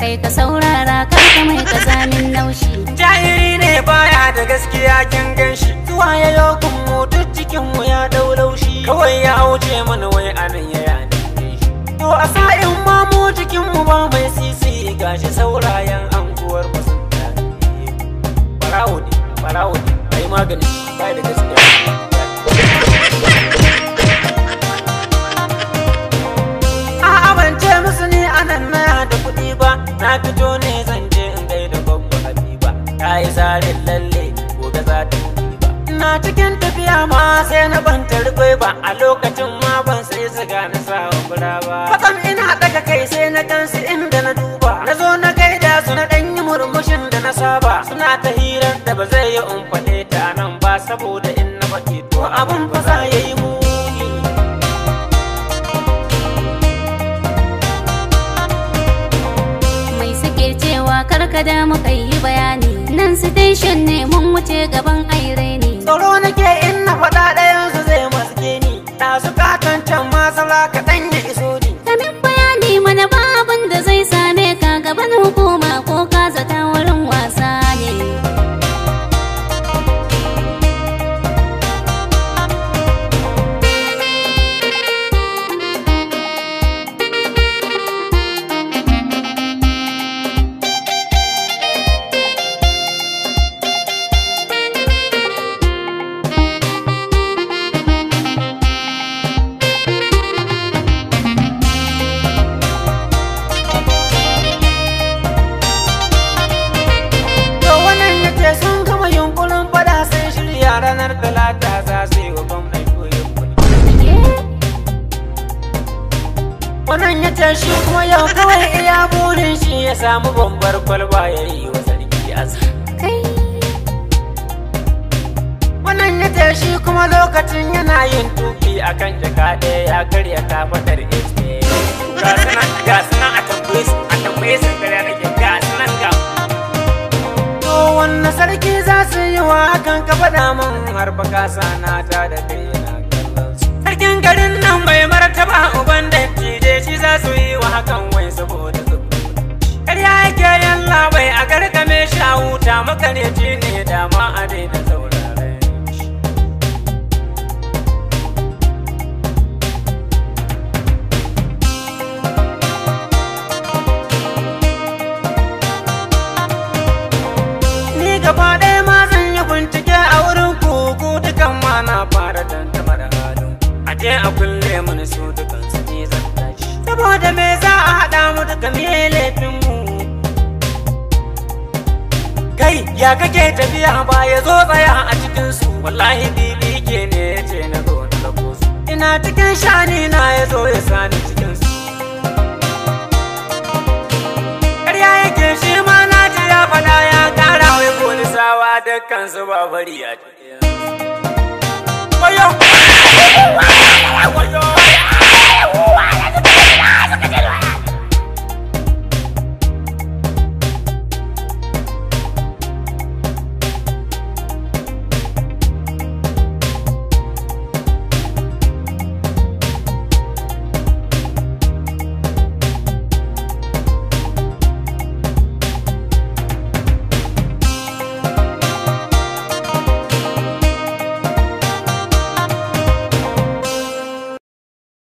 kai ka saurara ka mai kazamin naushi jahiri ne baya da gaskiya kin ganshi zuwa ya yo mu duk cikin mu ya dau laushi kawai ya auce mana wai anan ya yani to a sa'in ma mu cikin mu ba mai sisi gashi saurayen anguwar mu sun barawo ne barawo magani bai da gaskiya na fito ne zan je in gaida gwaggo habiba ta yi zarin lalle gobe za ta ba ina cikin tafiya ma sai na ban tarkwai ba a lokacin ma ban sai siga na sawa bura ba fatsam ina daga kai sai na in inda na duba na zo na gaida su na ɗan yi murmushin da na saba suna ta hirar da ba zai yi in faɗe ta nan ba saboda karka da muka yi bayani nan station ne mun wuce gaban aire ne tsoro nake in na faɗa ranar talata za su yi wa gwamnan koyon wannan ya ce shi kuma yau kawai iya burin shi ya samu bambar kwalba ya yi wa sarki aski wannan ya ce shi kuma lokacin yana yin tuki akan jaka ɗaya ya karya kafaɗar hp ga sunan a tambaye su sarki za su yi wa hakan ka faɗa min har baka sana ta da kai sarkin garin nan bai martaba uban da da shi za su yi wa hakan wai saboda zubu ƙarya yake yalla bai a garkame shawuta huta makareci gaba ɗaya ma zan yi bincike a wurin kuku-kuku dukan ma na fara tantama da halin aje a kulle mun su dukan su ne zan tashi saboda me za a haɗa mu duka me laifin mu kai ya kake tafiya ba ya zo tsaya a cikin su wallahi bibi ke ne ya ce na zo na labo ina cikin shani na ya zo ya sani cikin yanzu ba bari a cikin